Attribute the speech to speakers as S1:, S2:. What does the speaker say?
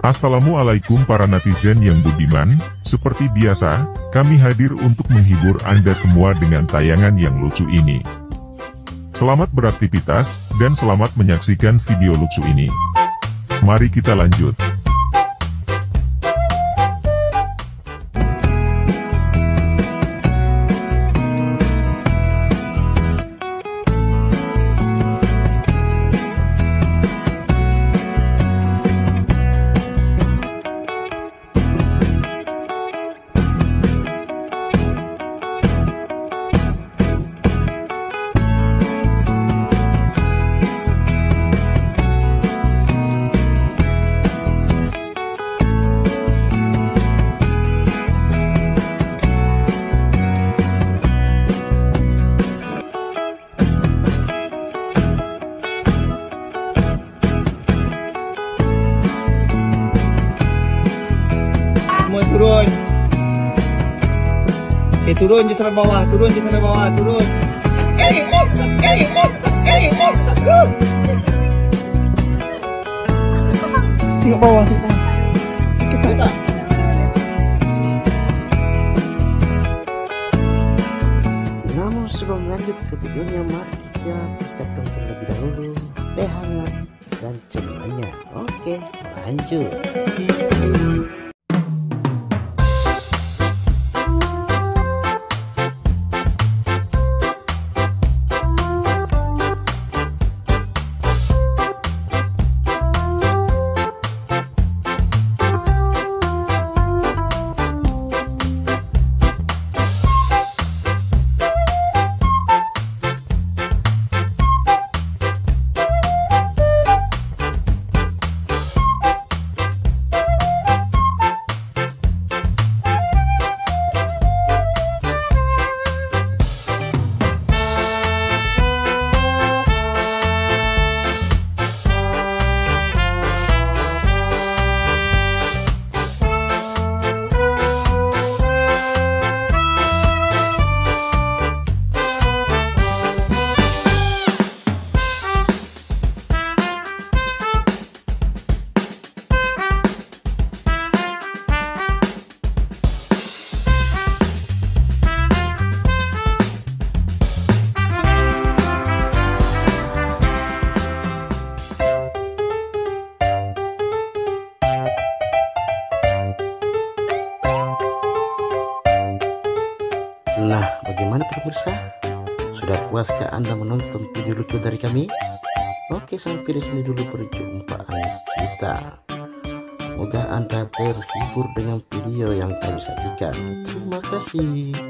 S1: Assalamualaikum para netizen yang budiman, seperti biasa, kami hadir untuk menghibur Anda semua dengan tayangan yang lucu ini. Selamat beraktivitas, dan selamat menyaksikan video lucu ini. Mari kita lanjut.
S2: turun eh turun je sampai bawah turun je sampai bawah turun eh eh eh eh eh, eh, eh, eh. tengok bawah tengok bawah
S3: Namun sebelum lanjut ke
S4: videonya mari kita persiapkan terlebih dahulu teh hangat dan cemilannya. Oke, lanjut. Nah, bagaimana pemirsa? Sudah
S3: puaskah Anda menonton video lucu dari kami? Oke, sampai di sini dulu perjumpaan kita. Semoga Anda terhibur dengan video yang kami sajikan. Terima kasih.